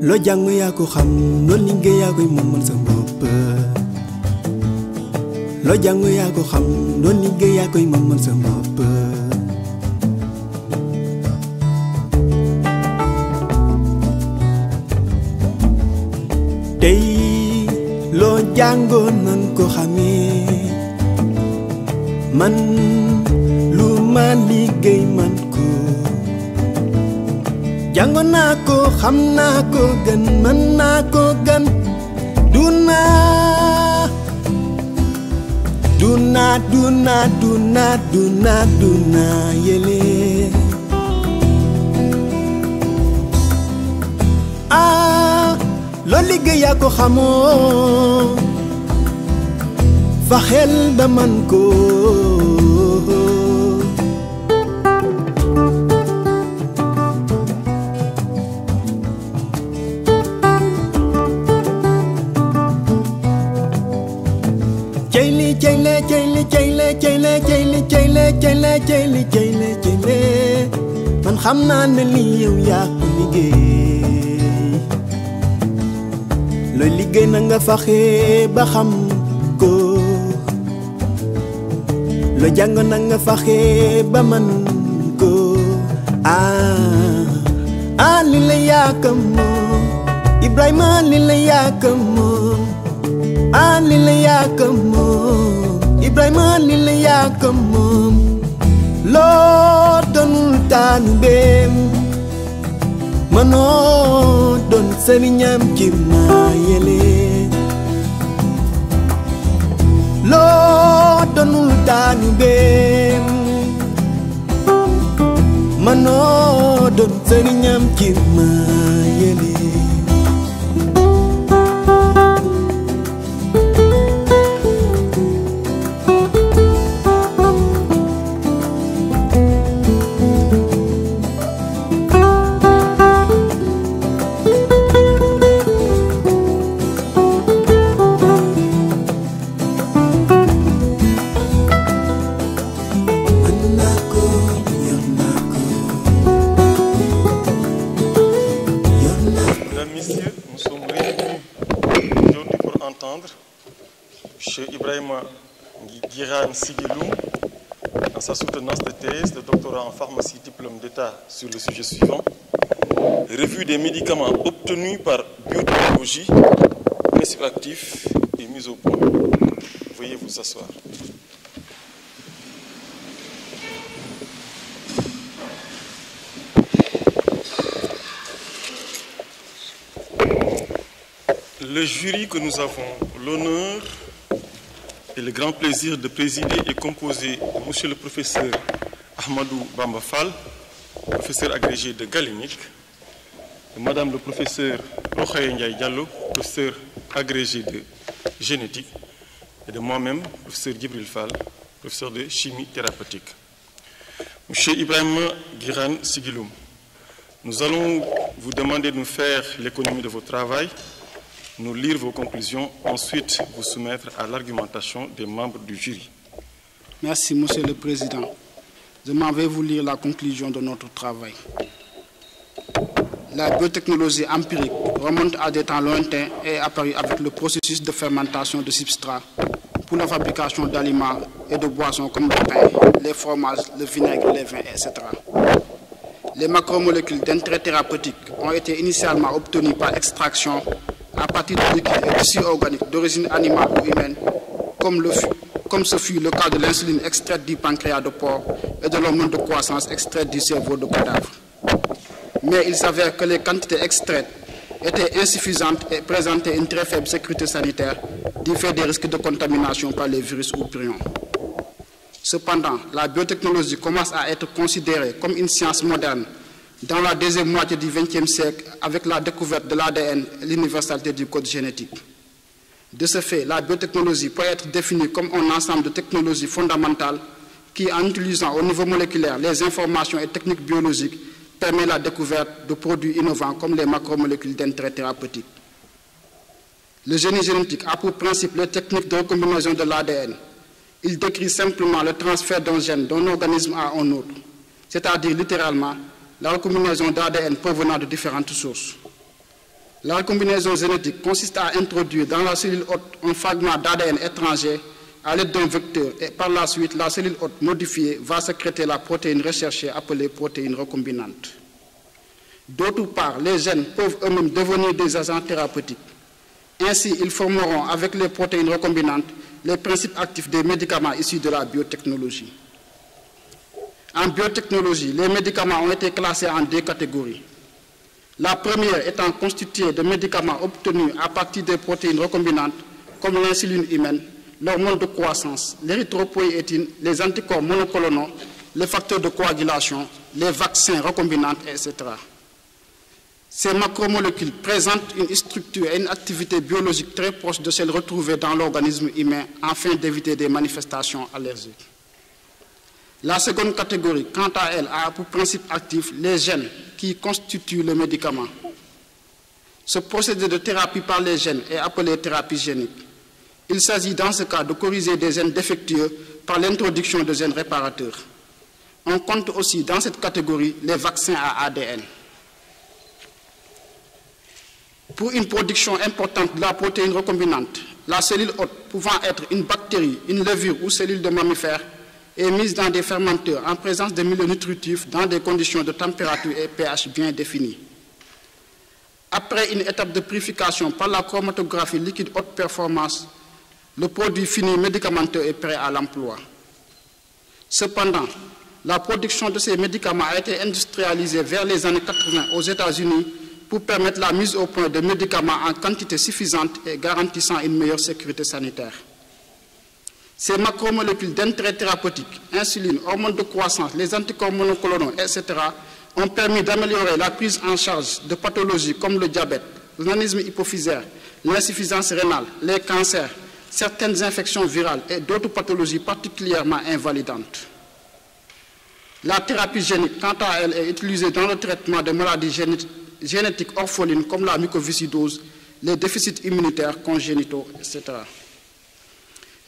lo ác của loo jàng yaa ko xam loo liggéey yaa koy moomal sa bopp loo jàng yaa ko xam loo liggéey yaa koy moomal sa bopp tey loo jàngoon nan ko xamee man lu ma liggéey man Yang aku gan mana aku gen Duna Duna duna duna duna duna yele Ah loli gaya ko hamo, fahel ba ko Ceyli ceyle ceyle ceyle ceyle ceyle ceyle ceyle ceyle man xam naa ne lii yow yaa ko liggéey looy liggéey na nga faxe ba xam ko loo jàng na nga faxe ba man ko ah ah li la yaakaar moom Ibrahima li la yaakaar moom aan li la yàgg moom Ibrahima li la yàgg moom loo doonul taanu beem mënoo doon sëriñam ci maa yele loo doonul taanu beem mënoo doon sëriñam ci maa yele sa soutenance de thèse de doctorat en pharmacie, diplôme d'État sur le sujet suivant. Revue des médicaments obtenus par biotechnologie, principe actif et mise au point. Veuillez vous asseoir. Le jury que nous avons l'honneur le grand plaisir de présider et composer M. Monsieur le professeur Ahmadou Fall, professeur agrégé de galénique, et Madame le professeur Rochay Ndiaye Diallo, professeur agrégé de génétique, et de moi-même, professeur Gibril Fall, professeur de chimie thérapeutique. Monsieur Ibrahim Giran Sigiloum, nous allons vous demander de nous faire l'économie de votre travail nous lire vos conclusions, ensuite vous soumettre à l'argumentation des membres du jury. Merci, Monsieur le Président. Je m'en vais vous lire la conclusion de notre travail. La biotechnologie empirique remonte à des temps lointains et est avec le processus de fermentation de substrats pour la fabrication d'aliments et de boissons comme le pain, les fromages, le vinaigre, les vins, etc. Les macromolécules d'intérêt thérapeutique ont été initialement obtenues par extraction à partir de liquide et tissus organiques d'origine animale ou humaine, comme, le, comme ce fut le cas de l'insuline extraite du pancréas de porc et de l'hormone de croissance extraite du cerveau de cadavre. Mais il s'avère que les quantités extraites étaient insuffisantes et présentaient une très faible sécurité sanitaire du fait des risques de contamination par les virus ou prions. Cependant, la biotechnologie commence à être considérée comme une science moderne dans la deuxième moitié du XXe siècle, avec la découverte de l'ADN l'universalité du code génétique. De ce fait, la biotechnologie peut être définie comme un ensemble de technologies fondamentales qui, en utilisant au niveau moléculaire les informations et techniques biologiques, permet la découverte de produits innovants comme les macromolécules d'intérêt thérapeutique. Le génie génétique a pour principe les techniques de recombinaison de l'ADN. Il décrit simplement le transfert d'un gène d'un organisme à un autre, c'est-à-dire littéralement la recombinaison d'ADN provenant de différentes sources. La recombinaison génétique consiste à introduire dans la cellule hôte un fragment d'ADN étranger à l'aide d'un vecteur et par la suite, la cellule hôte modifiée va sécréter la protéine recherchée appelée protéine recombinante. D'autre part, les gènes peuvent eux-mêmes devenir des agents thérapeutiques. Ainsi, ils formeront avec les protéines recombinantes les principes actifs des médicaments issus de la biotechnologie. En biotechnologie, les médicaments ont été classés en deux catégories. La première étant constituée de médicaments obtenus à partir des protéines recombinantes comme l'insuline humaine, l'hormone de croissance, l'érythropoïétine, les anticorps monoclonaux, les facteurs de coagulation, les vaccins recombinants, etc. Ces macromolécules présentent une structure et une activité biologique très proche de celles retrouvées dans l'organisme humain afin d'éviter des manifestations allergiques. La seconde catégorie, quant à elle, a pour principe actif les gènes qui constituent le médicament. Ce procédé de thérapie par les gènes est appelé thérapie génique. Il s'agit dans ce cas de corriger des gènes défectueux par l'introduction de gènes réparateurs. On compte aussi dans cette catégorie les vaccins à ADN. Pour une production importante de la protéine recombinante, la cellule hôte pouvant être une bactérie, une levure ou cellule de mammifère, est mise dans des fermenteurs en présence de milieux nutritifs dans des conditions de température et pH bien définies. Après une étape de purification par la chromatographie liquide haute performance, le produit fini médicamenteux est prêt à l'emploi. Cependant, la production de ces médicaments a été industrialisée vers les années 80 aux États-Unis pour permettre la mise au point de médicaments en quantité suffisante et garantissant une meilleure sécurité sanitaire. Ces macromolécules d'intérêt thérapeutique, insuline, hormones de croissance, les anticorps monoclonaux, etc., ont permis d'améliorer la prise en charge de pathologies comme le diabète, l'anisme hypophysaire, l'insuffisance rénale, les cancers, certaines infections virales et d'autres pathologies particulièrement invalidantes. La thérapie génique, quant à elle, est utilisée dans le traitement de maladies génétiques orphelines comme la mucoviscidose, les déficits immunitaires congénitaux, etc.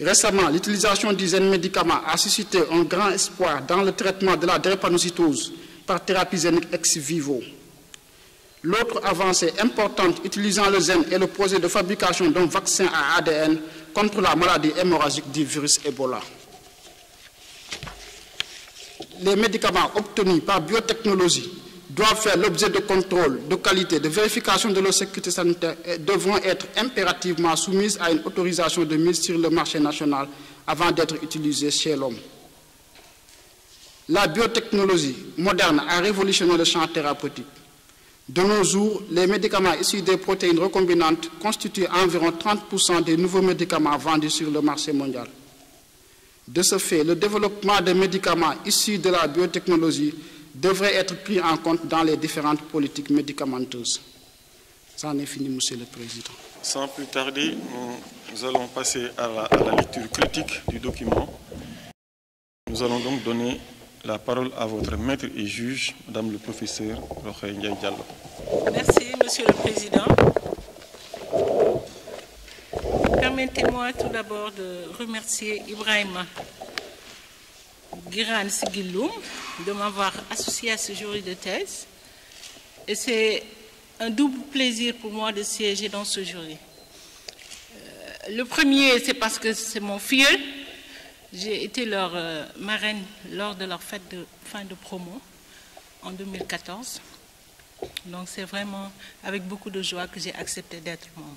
Récemment, l'utilisation du médicaments a suscité un grand espoir dans le traitement de la drépanocytose par thérapie zénique ex vivo. L'autre avancée importante utilisant le zen est le projet de fabrication d'un vaccin à ADN contre la maladie hémorragique du virus Ebola. Les médicaments obtenus par biotechnologie doivent faire l'objet de contrôles de qualité, de vérification de leur sécurité sanitaire et devront être impérativement soumises à une autorisation de mise sur le marché national avant d'être utilisées chez l'homme. La biotechnologie moderne a révolutionné le champ thérapeutique. De nos jours, les médicaments issus des protéines recombinantes constituent environ 30% des nouveaux médicaments vendus sur le marché mondial. De ce fait, le développement des médicaments issus de la biotechnologie devrait être pris en compte dans les différentes politiques médicamenteuses. C'en est fini, Monsieur le Président. Sans plus tarder, nous allons passer à la, lecture critique du document. Nous allons donc donner la parole à votre maître et juge, Madame le professeur Rochelle Diallo. Merci, Monsieur le Président. Permettez-moi tout d'abord de remercier Ibrahim. Giran de m'avoir associé à ce jury de thèse. Et c'est un double plaisir pour moi de siéger dans ce jury. Euh, le premier, c'est parce que c'est mon filleul. J'ai été leur euh, marraine lors de leur fête de fin de promo en 2014. Donc c'est vraiment avec beaucoup de joie que j'ai accepté d'être membre.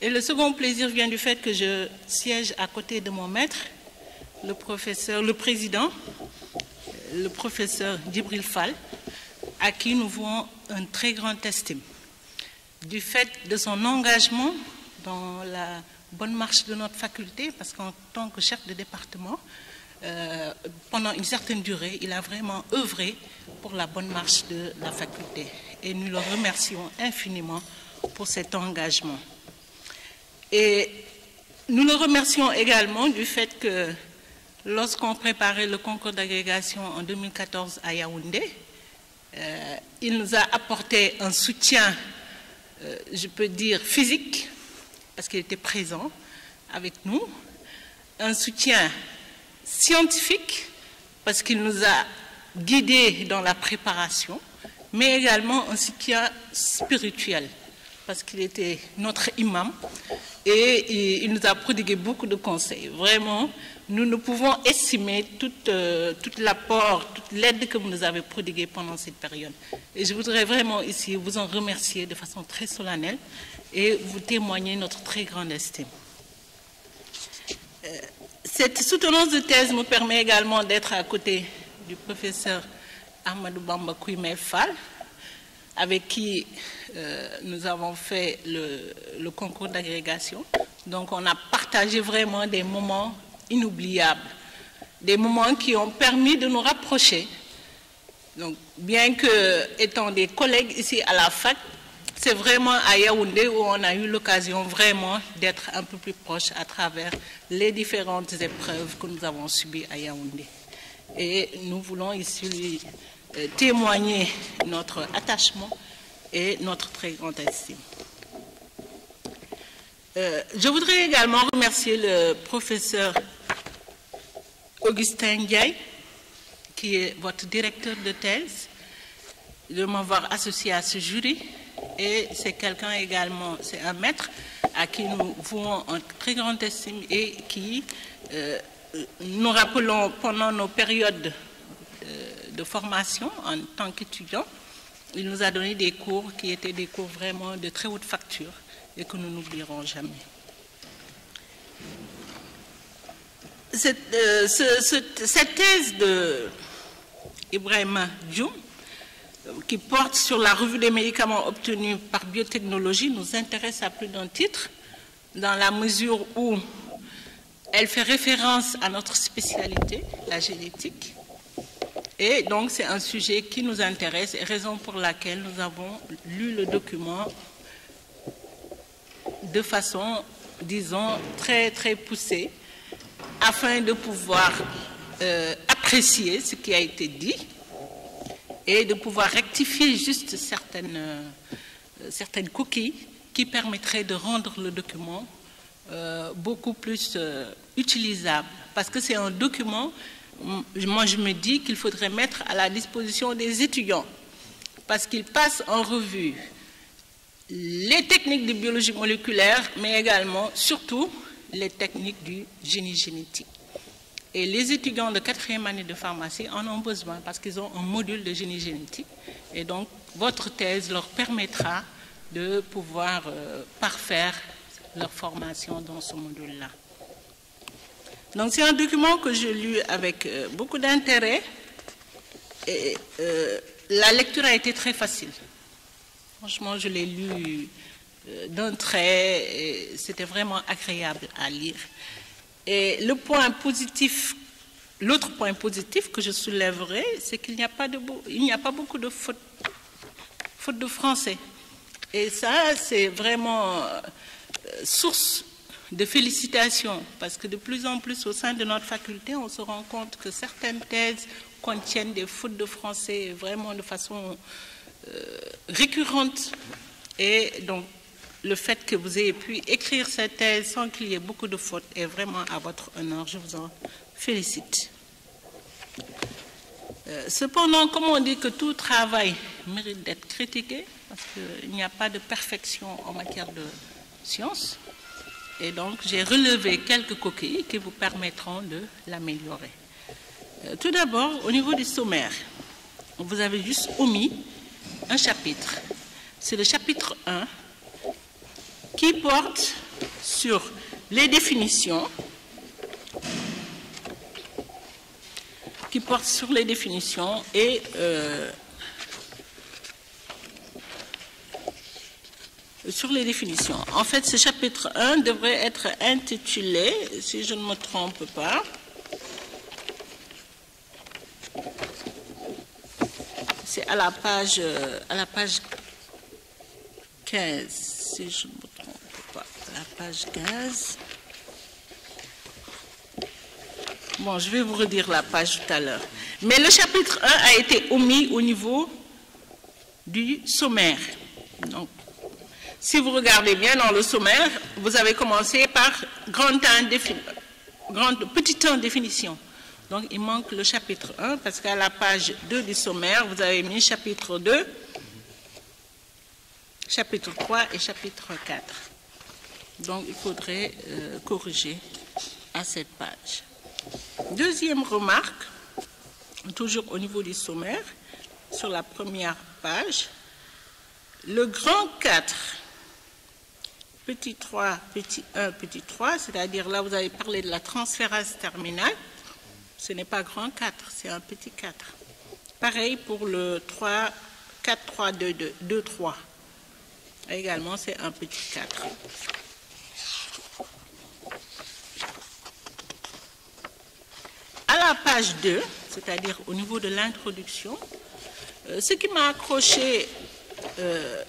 Et le second plaisir vient du fait que je siège à côté de mon maître, le professeur, le président, le professeur Dibril Fall, à qui nous voulons un très grand estime. Du fait de son engagement dans la bonne marche de notre faculté, parce qu'en tant que chef de département, euh, pendant une certaine durée, il a vraiment œuvré pour la bonne marche de la faculté. Et nous le remercions infiniment pour cet engagement. Et nous le remercions également du fait que Lorsqu'on préparait le concours d'agrégation en 2014 à Yaoundé, euh, il nous a apporté un soutien, euh, je peux dire physique, parce qu'il était présent avec nous, un soutien scientifique, parce qu'il nous a guidés dans la préparation, mais également un soutien spirituel parce qu'il était notre imam et il nous a prodigué beaucoup de conseils. Vraiment, nous ne pouvons estimer euh, tout, l'apport, toute l'aide que vous nous avez prodiguée pendant cette période. Et je voudrais vraiment ici vous en remercier de façon très solennelle et vous témoigner notre très grande estime. Euh, cette soutenance de thèse me permet également d'être à côté du professeur Ahmadou Bamba Kouimel Fall, avec qui euh, nous avons fait le, le concours d'agrégation. Donc on a partagé vraiment des moments inoubliables, des moments qui ont permis de nous rapprocher. Donc bien que étant des collègues ici à la fac, c'est vraiment à Yaoundé où on a eu l'occasion vraiment d'être un peu plus proche à travers les différentes épreuves que nous avons subies à Yaoundé. Et nous voulons ici euh, témoigner notre attachement et notre très grande estime. Euh, je voudrais également remercier le professeur Augustin Ndiaye, qui est votre directeur de thèse, de m'avoir associé à ce jury. Et c'est quelqu'un également, c'est un maître à qui nous vouons une très grande estime et qui euh, nous rappelons pendant nos périodes euh, de formation en tant qu'étudiants il nous a donné des cours qui étaient des cours vraiment de très haute facture et que nous n'oublierons jamais. Cette, euh, thèse de ibrahim euh, qui porte sur la revue des médicaments obtenus par biotechnologie, nous intéresse à plus d'un titre, dans la mesure où elle fait référence à notre spécialité, la génétique, et donc c'est un sujet qui nous intéresse, et raison pour laquelle nous avons lu le document de façon, disons, très très poussée, afin de pouvoir euh, apprécier ce qui a été dit et de pouvoir rectifier juste certaines, euh, certaines coquilles qui permettraient de rendre le document euh, beaucoup plus utilisable. Parce que c'est un document moi je me dis qu'il faudrait mettre à la disposition des étudiants, parce qu'ils passent en revue les techniques de biologie moléculaire, mais également, surtout, les techniques du génie génétique. Et les étudiants de quatrième année de pharmacie en ont besoin parce qu'ils ont un module de génie génétique. Et donc, votre thèse leur permettra de pouvoir euh, parfaire leur formation dans ce module-là. Donc c'est un document que j'ai lu avec euh, beaucoup d'intérêt et euh, la lecture a été très facile. Franchement, je l'ai lu euh, d'un trait c'était vraiment agréable à lire. Et le point positif, l'autre point positif que je soulèverai, c'est qu'il n'y a, pas de, il n'y a pas beaucoup de fautes, fautes de français. Et ça, c'est vraiment source de félicitations, parce que de plus en plus au sein de notre faculté, on se rend compte que certaines thèses contiennent des fautes de français vraiment de façon euh, récurrente. Et donc, le fait que vous ayez pu écrire cette thèse sans qu'il y ait beaucoup de fautes est vraiment à votre honneur. Je vous en félicite. Euh, cependant, comme on dit que tout travail mérite d'être critiqué, parce qu'il n'y a pas de perfection en matière de science, et donc, j'ai relevé quelques coquilles qui vous permettront de l'améliorer. Euh, tout d'abord, au niveau du sommaire, vous avez juste omis un chapitre. C'est le chapitre 1 qui porte sur les définitions, qui porte sur les définitions et euh, Sur les définitions. En fait, ce chapitre 1 devrait être intitulé, si je ne me trompe pas, c'est à la page euh, à la page 15, si je ne me trompe pas, à la page 15. Bon, je vais vous redire la page tout à l'heure. Mais le chapitre 1 a été omis au niveau du sommaire. Si vous regardez bien dans le sommaire, vous avez commencé par grand temps grand, petit 1 définition. Donc il manque le chapitre 1 parce qu'à la page 2 du sommaire, vous avez mis chapitre 2, chapitre 3 et chapitre 4. Donc il faudrait euh, corriger à cette page. Deuxième remarque, toujours au niveau du sommaire, sur la première page, le grand 4 petit 3, petit 1, petit 3, c'est-à-dire là vous avez parlé de la transférence terminale, ce n'est pas grand 4, c'est un petit 4. Pareil pour le 3, 4, 3, 2, 2, 2, 3. Également, c'est un petit 4. À la page 2, c'est-à-dire au niveau de l'introduction, euh, ce qui m'a accroché euh,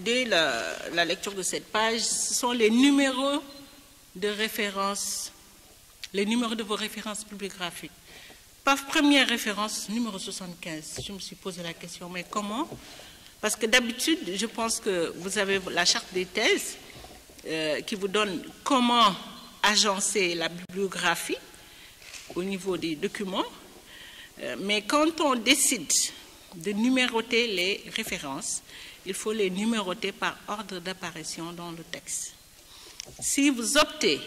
dès la, lecture de cette page, ce sont les numéros de référence, les numéros de vos références bibliographiques. Par première référence, numéro 75, je me suis posé la question, mais comment Parce que d'habitude, je pense que vous avez la charte des thèses euh, qui vous donne comment agencer la bibliographie au niveau des documents. Euh, mais quand on décide de numéroter les références, il faut les numéroter par ordre d'apparition dans le texte. Si vous optez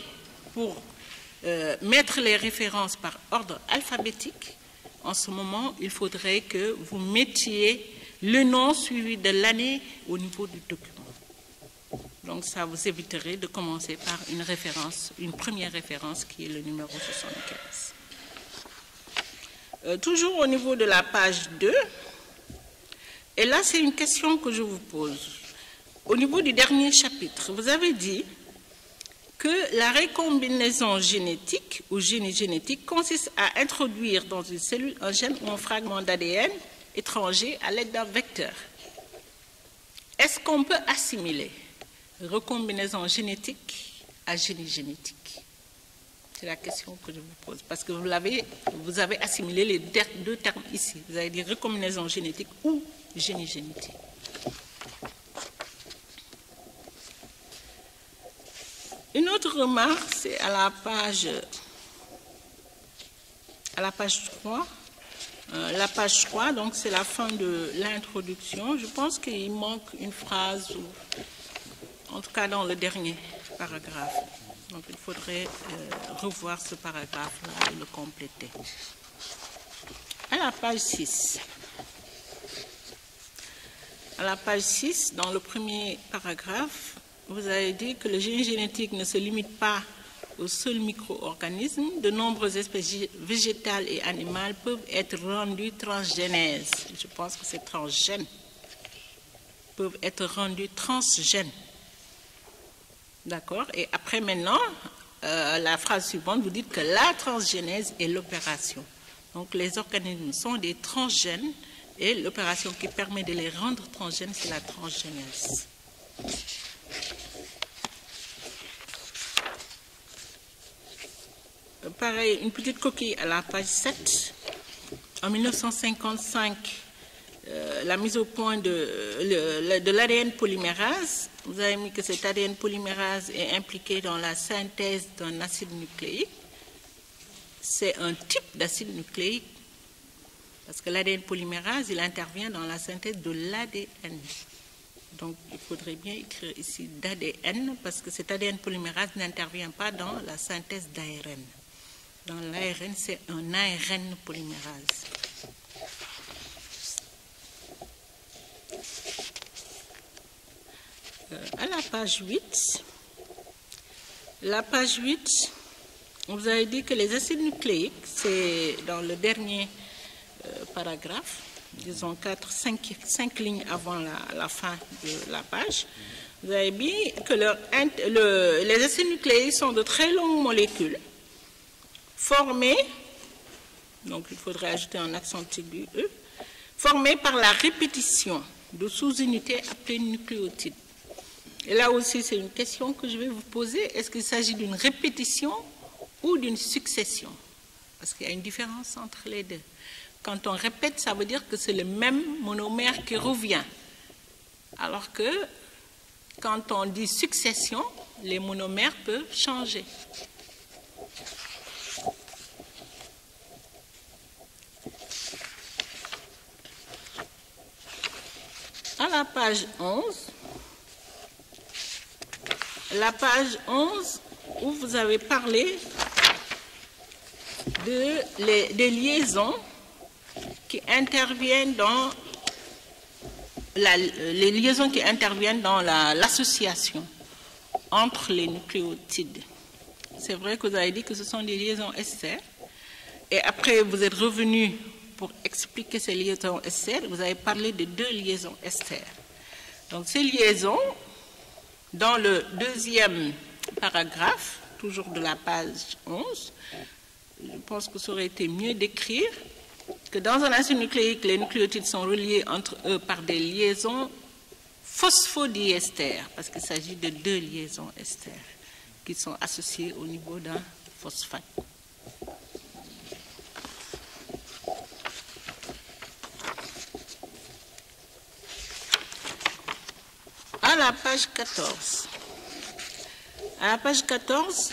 pour euh, mettre les références par ordre alphabétique, en ce moment, il faudrait que vous mettiez le nom suivi de l'année au niveau du document. Donc ça vous éviterait de commencer par une référence, une première référence qui est le numéro 75. Euh, toujours au niveau de la page 2, et là, c'est une question que je vous pose. Au niveau du dernier chapitre, vous avez dit que la recombinaison génétique ou génie génétique consiste à introduire dans une cellule un gène ou un fragment d'ADN étranger à l'aide d'un vecteur. Est-ce qu'on peut assimiler recombinaison génétique à génie génétique C'est la question que je vous pose. Parce que vous, vous avez assimilé les deux termes ici. Vous avez dit recombinaison génétique ou génigénité. Une autre remarque, c'est à la page à la page 3. Euh, la page 3, donc c'est la fin de l'introduction. Je pense qu'il manque une phrase, ou, en tout cas dans le dernier paragraphe. Donc il faudrait euh, revoir ce paragraphe le compléter. À la page 6 à la page 6, dans le premier paragraphe, vous avez dit que le génie génétique ne se limite pas aux seuls micro-organismes. De nombreuses espèces végétales et animales peuvent être rendues transgénèses. Je pense que c'est transgène. Peuvent être rendues transgènes. D'accord Et après, maintenant, euh, la phrase suivante, vous dites que la transgénèse est l'opération. Donc, les organismes sont des transgènes et l'opération qui permet de les rendre transgènes, c'est la transgénèse. Pareil, une petite coquille à la page 7. En 1955, euh, la mise au point de, l'ADN polymérase. Vous avez mis que cet ADN polymérase est impliqué dans la synthèse d'un acide nucléique. C'est un type d'acide nucléique parce que l'ADN polymérase, il intervient dans la synthèse de l'ADN. Donc, il faudrait bien écrire ici d'ADN, parce que cet ADN polymérase n'intervient pas dans la synthèse d'ARN. Dans l'ARN, c'est un ARN polymérase. Euh, à la page 8, la page 8, vous avez dit que les acides nucléiques, c'est dans le dernier paragraphe, disons 4, 5, lignes avant la, fin de la page, vous avez dit que les essais nucléaires sont de très longues molécules formées, donc il faudrait ajouter un accent du E, formées par la répétition de sous-unités appelées nucléotides. Et là aussi, c'est une question que je vais vous poser. Est-ce qu'il s'agit d'une répétition ou d'une succession Parce qu'il y a une différence entre les deux. Quand on répète, ça veut dire que c'est le même monomère qui revient. Alors que quand on dit succession, les monomères peuvent changer. À la page 11, la page 11 où vous avez parlé de des liaisons interviennent dans les liaisons qui interviennent dans l'association entre les nucléotides. C'est vrai que vous avez dit que ce sont des liaisons SR. Et après, vous êtes revenu pour expliquer ces liaisons SR. Vous avez parlé de deux liaisons SR. Donc, ces liaisons, dans le deuxième paragraphe, toujours de la page 11, je pense que ça aurait été mieux d'écrire que dans un acide nucléique, les nucléotides sont reliés entre eux par des liaisons phosphodiester, parce qu'il s'agit de deux liaisons estères qui sont associées au niveau d'un phosphate. À la page 14. À la page 14,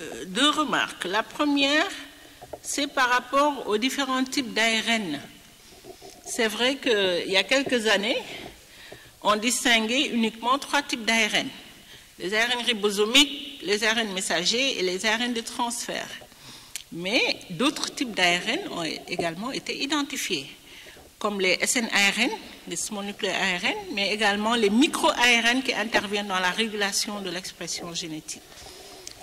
euh, deux remarques. La première, c'est par rapport aux différents types d'ARN. C'est vrai qu'il y a quelques années, on distinguait uniquement trois types d'ARN. Les ARN ribosomiques, les ARN messagers et les ARN de transfert. Mais d'autres types d'ARN ont également été identifiés, comme les SNARN, les small-nucléaires ARN, mais également les micro-ARN qui interviennent dans la régulation de l'expression génétique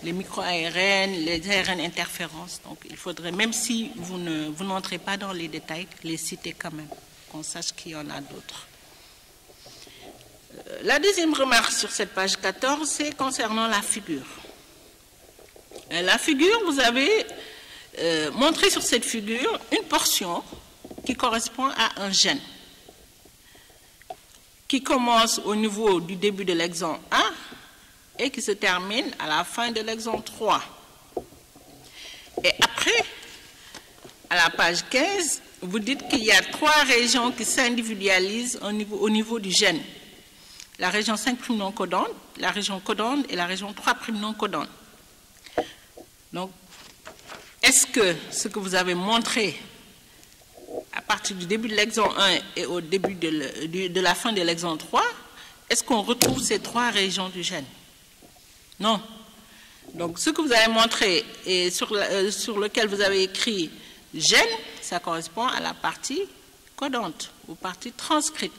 les micro-ARN, les ARN interférences. Donc il faudrait, même si vous ne vous n'entrez pas dans les détails, les citer quand même, qu'on sache qu'il y en a d'autres. Euh, la deuxième remarque sur cette page 14, c'est concernant la figure. Euh, la figure, vous avez euh, montré sur cette figure une portion qui correspond à un gène qui commence au niveau du début de l'exon 1 qui se termine à la fin de l'exemple 3. Et après, à la page 15, vous dites qu'il y a trois régions qui s'individualisent au niveau, du gène. La région 5' non codante, la région codante et la région 3' non codante. Donc, est-ce que ce que vous avez montré à partir du début de l'exemple 1 et au début de, de la fin de l'exemple 3, est-ce qu'on retrouve ces trois régions du gène non. Donc ce que vous avez montré et sur, euh, sur lequel vous avez écrit gène, ça correspond à la partie codante ou partie transcrite.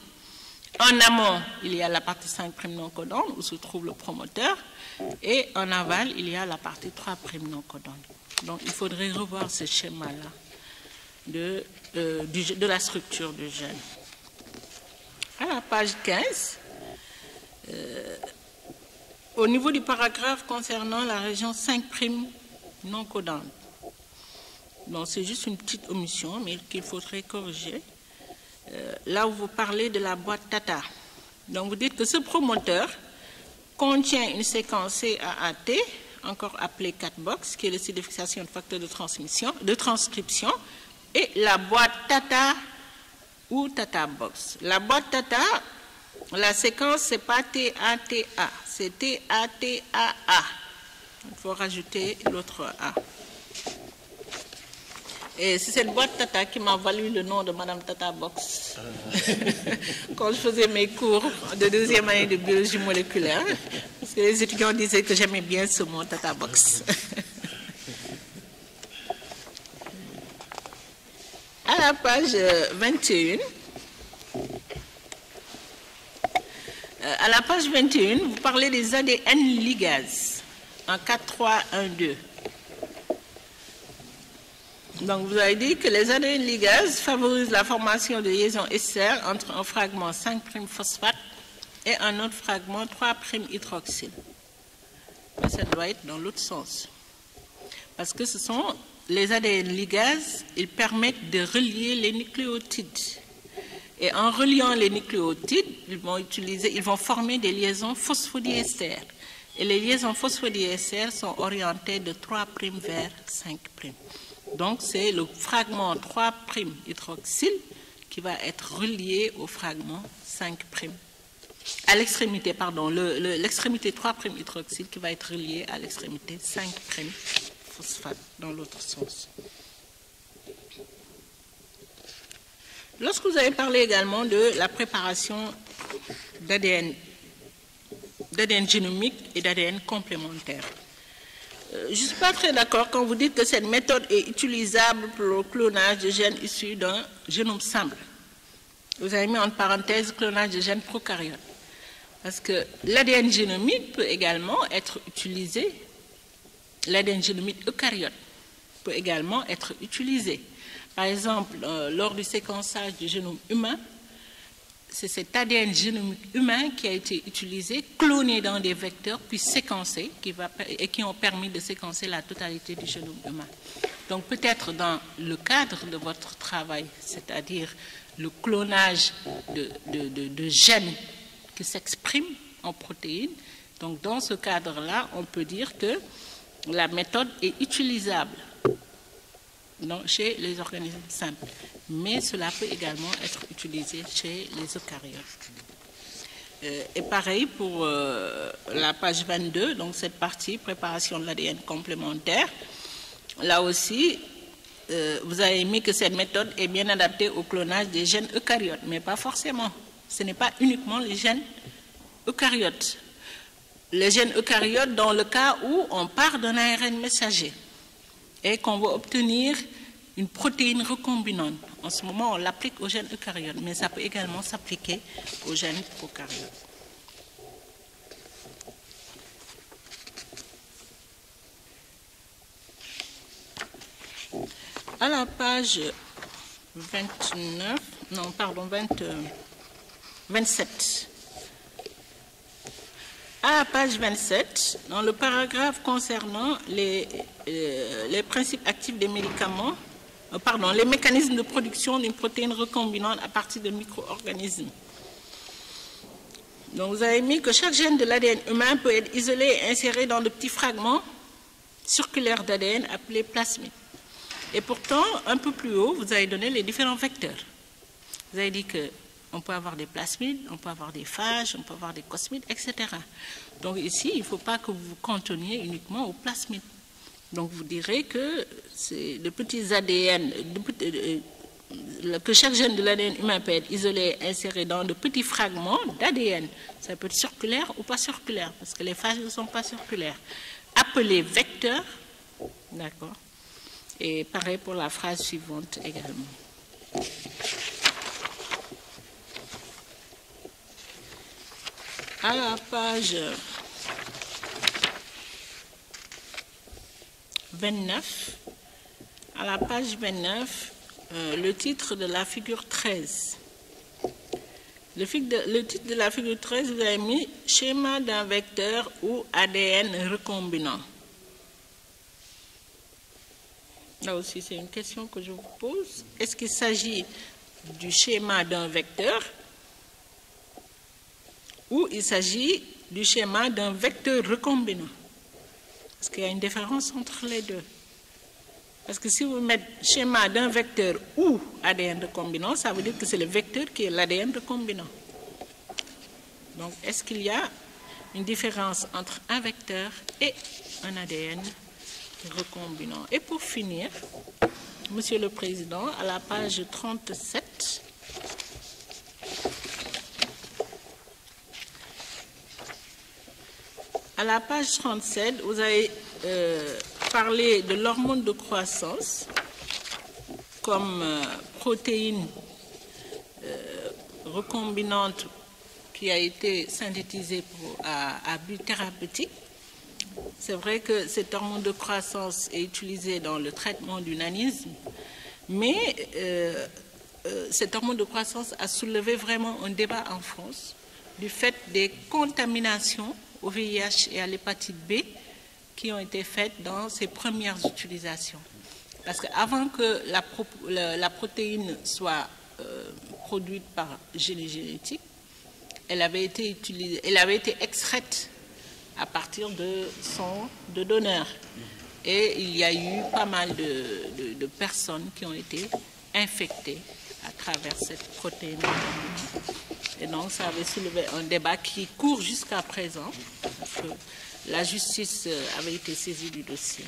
En amont, il y a la partie 5' non codante où se trouve le promoteur et en aval, il y a la partie 3' non codante. Donc il faudrait revoir ce schéma-là de, euh, la structure du gène. À la page 15, au niveau du paragraphe concernant la région 5 primes non codante, c'est juste une petite omission, mais qu'il faudrait corriger. Euh, là où vous parlez de la boîte Tata. Donc vous dites que ce promoteur contient une séquence CAAT, encore appelée CatBox, qui est le site de fixation de facteurs de, de transcription, et la boîte Tata ou Tata Box. La boîte Tata la séquence, c'est pas T-A-T-A, c'est T-A-T-A-A. Il faut rajouter l'autre A. Et c'est cette boîte Tata qui m'a valu le nom de Madame Tata Box. Quand je faisais mes cours de deuxième année de biologie moléculaire, les étudiants disaient que j'aimais bien ce mot Tata Box. à la page 21, Euh, à la page 21, vous parlez des ADN ligases en 3, 1, 2. Donc, vous avez dit que les ADN ligases favorisent la formation de liaisons SR entre un fragment 5' phosphate et un autre fragment 3' hydroxyle. Mais ça doit être dans l'autre sens. Parce que ce sont les ADN ligases, ils permettent de relier les nucléotides. Et en reliant les nucléotides, ils vont, vont former des liaisons phosphodiester. Et les liaisons phosphodiester sont orientées de 3' vers 5'. Donc c'est le fragment 3' hydroxyle qui va être relié au fragment 5' à l'extrémité, pardon, l'extrémité le, 3' hydroxyle qui va être relié à l'extrémité 5' phosphate dans l'autre sens. Lorsque vous avez parlé également de la préparation d'ADN, d'ADN génomique et d'ADN complémentaire, euh, je ne suis pas très d'accord quand vous dites que cette méthode est utilisable pour le clonage de gènes issus d'un génome simple. Vous avez mis en parenthèse clonage de gènes prokaryotes. Parce que l'ADN génomique peut également être utilisé, l'ADN génomique eucaryote peut également être utilisé. Par exemple, euh, lors du séquençage du génome humain, c'est cet ADN génomique humain qui a été utilisé, cloné dans des vecteurs, puis séquencé, qui va, et qui ont permis de séquencer la totalité du génome humain. Donc peut-être dans le cadre de votre travail, c'est-à-dire le clonage de, de gènes qui s'expriment en protéines, donc dans ce cadre-là, on peut dire que la méthode est utilisable chez les organismes simples. Mais cela peut également être utilisé chez les eucaryotes. Euh, et pareil pour euh, la page 22, donc cette partie préparation de l'ADN complémentaire. Là aussi, euh, vous avez mis que cette méthode est bien adaptée au clonage des gènes eucaryotes, mais pas forcément. Ce n'est pas uniquement les gènes eucaryotes. Les gènes eucaryotes dans le cas où on part d'un ARN messager et qu'on va obtenir une protéine recombinante. En ce moment, on l'applique aux gènes eucaryotes, mais ça peut également s'appliquer aux gènes prokaryotes. À la page 29, non, pardon, 27. Euh, à la page 27, dans le paragraphe concernant les euh, les principes actifs des médicaments, euh, pardon, les mécanismes de production d'une protéine recombinante à partir de micro-organismes. Donc vous avez mis que chaque gène de l'ADN humain peut être isolé et inséré dans de petits fragments circulaires d'ADN appelés plasmides. Et pourtant, un peu plus haut, vous avez donné les différents vecteurs. Vous avez dit que on peut avoir des plasmides, on peut avoir des phages, on peut avoir des cosmides, etc. Donc ici, il ne faut pas que vous vous conteniez uniquement aux plasmides. Donc vous direz que c'est de petits ADN, que chaque gène de l'ADN humain peut être isolé, inséré dans de petits fragments d'ADN. Ça peut être circulaire ou pas circulaire, parce que les phases ne sont pas circulaires. Appelé vecteur », d'accord Et pareil pour la phrase suivante également. À la page 29, à la page 29, euh, le titre de la figure 13. Le, le, titre de la figure 13, vous avez mis schéma d'un vecteur ou ADN recombinant. Là aussi, c'est une question que je vous pose. Est-ce qu'il s'agit du schéma d'un vecteur ou il s'agit du schéma d'un vecteur recombinant est-ce qu'il y a une différence entre les deux. Parce que si vous mettez schéma d'un vecteur ou ADN recombinant, ça veut dire que c'est le vecteur qui est l'ADN recombinant. Donc, est-ce qu'il y a une différence entre un vecteur et un ADN recombinant Et pour finir, Monsieur le Président, à la page 37, la page 37, vous avez euh, parlé de l'hormone de croissance comme euh, protéine euh, recombinante qui a été synthétisée à, but thérapeutique. C'est vrai que cette hormone de croissance est utilisée dans le traitement du nanisme, mais cette hormone de croissance a soulevé vraiment un débat en France du fait des contaminations au VIH et à l'hépatite B qui ont été faites dans ces premières utilisations. Parce qu'avant que la, la, protéine soit euh, produite par génie génétique, elle avait été elle avait été extraite à partir de son de donneur. Et il y a eu pas mal de, de personnes qui ont été infectées à travers cette protéine. Et donc, ça avait soulevé un débat qui court jusqu'à présent, parce la justice euh, avait été saisie du dossier.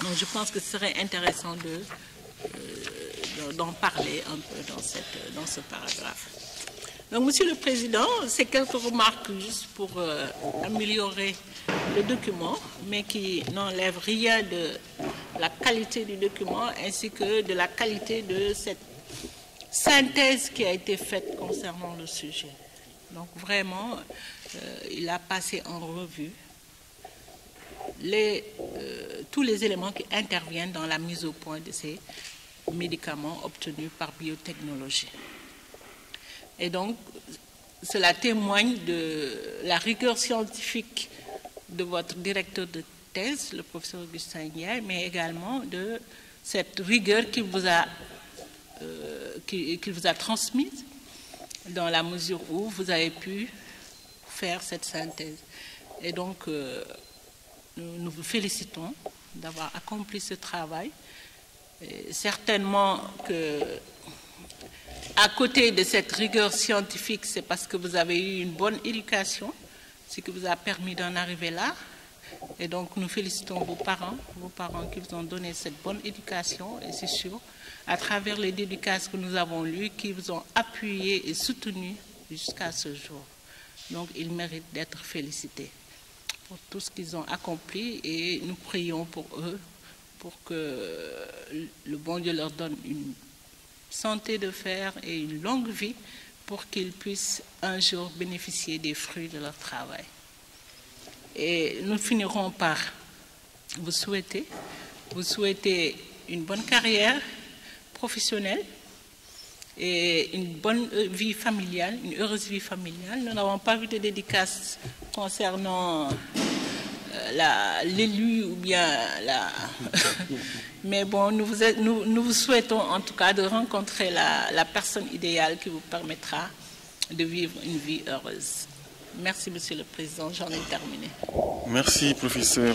Donc, je pense que ce serait intéressant euh, d'en de, parler un peu dans, cette, dans ce paragraphe. Donc, Monsieur le Président, c'est quelques remarques juste pour euh, améliorer le document, mais qui n'enlève rien de la qualité du document ainsi que de la qualité de cette synthèse qui a été faite concernant le sujet. Donc vraiment, euh, il a passé en revue euh, tous les éléments qui interviennent dans la mise au point de ces médicaments obtenus par biotechnologie. Et donc, cela témoigne de la rigueur scientifique de votre directeur de thèse, le professeur Augustin Nier, mais également de cette rigueur qui vous a euh, qu'il vous a transmise, dans la mesure où vous avez pu faire cette synthèse. Et donc, euh, nous vous félicitons d'avoir accompli ce travail. certainement que, à côté de cette rigueur scientifique, c'est parce que vous avez eu une bonne éducation, ce qui vous a permis d'en arriver là. Et donc, nous félicitons vos parents, vos parents qui vous ont donné cette bonne éducation, et c'est sûr à travers les dédicaces que nous avons lues, qui vous ont appuyé et soutenu jusqu'à ce jour. Donc, ils méritent d'être félicités pour tout ce qu'ils ont accompli et nous prions pour eux, pour que le bon Dieu leur donne une santé de fer et une longue vie pour qu'ils puissent un jour bénéficier des fruits de leur travail. Et nous finirons par vous souhaiter, vous souhaiter une bonne carrière professionnelle et une bonne euh, vie familiale, une heureuse vie familiale. Nous n'avons pas vu de dédicace concernant euh, l'élu ou bien la... Mais bon, nous vous, souhaitons en tout cas de rencontrer la, personne idéale qui vous permettra de vivre une vie heureuse. Merci, Monsieur le Président. J'en ai terminé. Merci, professeur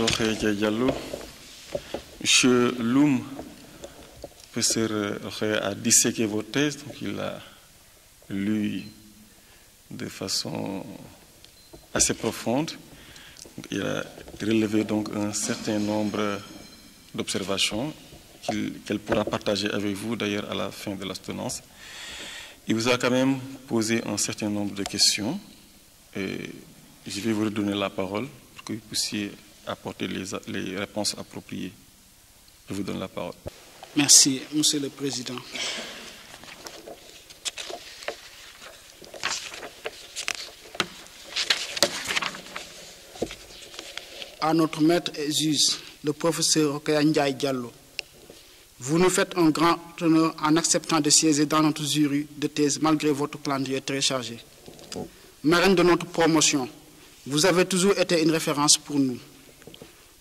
Diallo. Monsieur Loum professeur euh, a disséqué vos thèses, donc il a lu de façon assez profonde. Il a relevé donc un certain nombre d'observations qu'elle pourra partager avec vous d'ailleurs à la fin de la Il vous a quand même posé un certain nombre de questions et je vais vous redonner la parole pour que vous puissiez apporter les, les réponses appropriées. Je vous donne la parole. Merci, Monsieur le Président. À notre maître et juge, le professeur Okaya Diallo, vous nous faites un grand honneur en acceptant de siéger dans notre jury de thèse malgré votre plan vie très chargé. Marraine de notre promotion, vous avez toujours été une référence pour nous.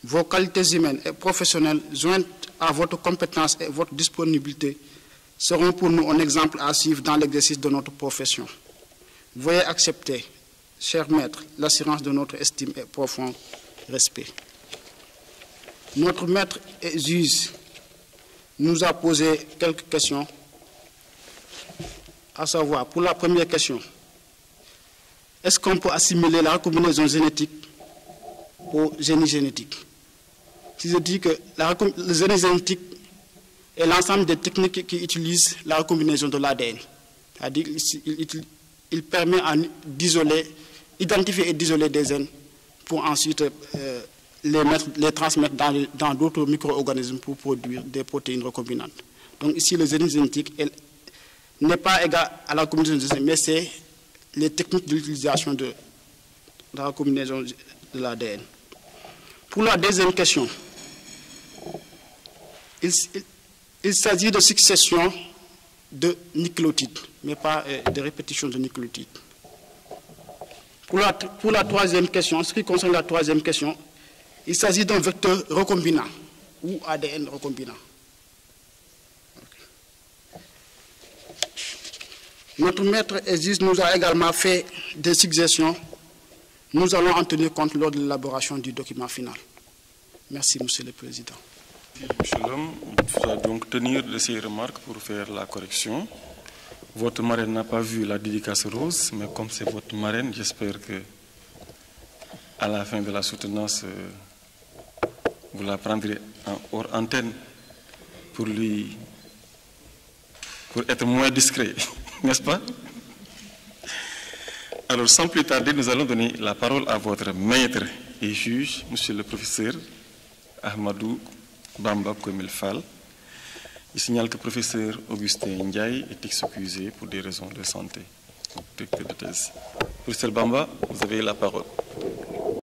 Vos qualités humaines et professionnelles jointes à votre compétence et votre disponibilité seront pour nous un exemple à suivre dans l'exercice de notre profession. Veuillez accepter, cher maître, l'assurance de notre estime et profond respect. Notre maître juste nous a posé quelques questions, à savoir, pour la première question, est-ce qu'on peut assimiler la combinaison génétique au génie génétique si je dis que la, le génétique est l'ensemble des techniques qui utilisent la recombinaison de l'ADN. C'est-à-dire qu'il il permet d'isoler, identifier et d'isoler des gènes pour ensuite euh, les, transmettre dans d'autres micro-organismes pour produire des protéines recombinantes. Donc ici, le génie génétique n'est pas égal à la combinaison de mais c'est les techniques d'utilisation de, la combinaison de l'ADN. Pour la deuxième question, il, s'agit de succession de nucléotides, mais pas euh, de répétition de nucléotides. Pour la, troisième question, en ce qui concerne la troisième question, il s'agit d'un vecteur recombinant ou ADN recombinant. Notre maître Exis nous a également fait des suggestions. Nous allons en tenir compte lors de l'élaboration du document final. Merci, Monsieur le Président. Monsieur Président, donc tenir de ces remarques pour faire la correction. Votre marraine n'a pas vu la dédicace rose, mais comme c'est votre marraine, j'espère que à la fin de la soutenance, euh, vous la prendrez en hors antenne pour lui pour être moins discret, n'est-ce pas Alors, sans plus tarder, nous allons donner la parole à votre maître et juge, monsieur le professeur Ahmadou Bamba fall Il signale que professeur Augustin Ndiaye est excusé pour des raisons de santé. Professeur Bamba, vous avez la parole.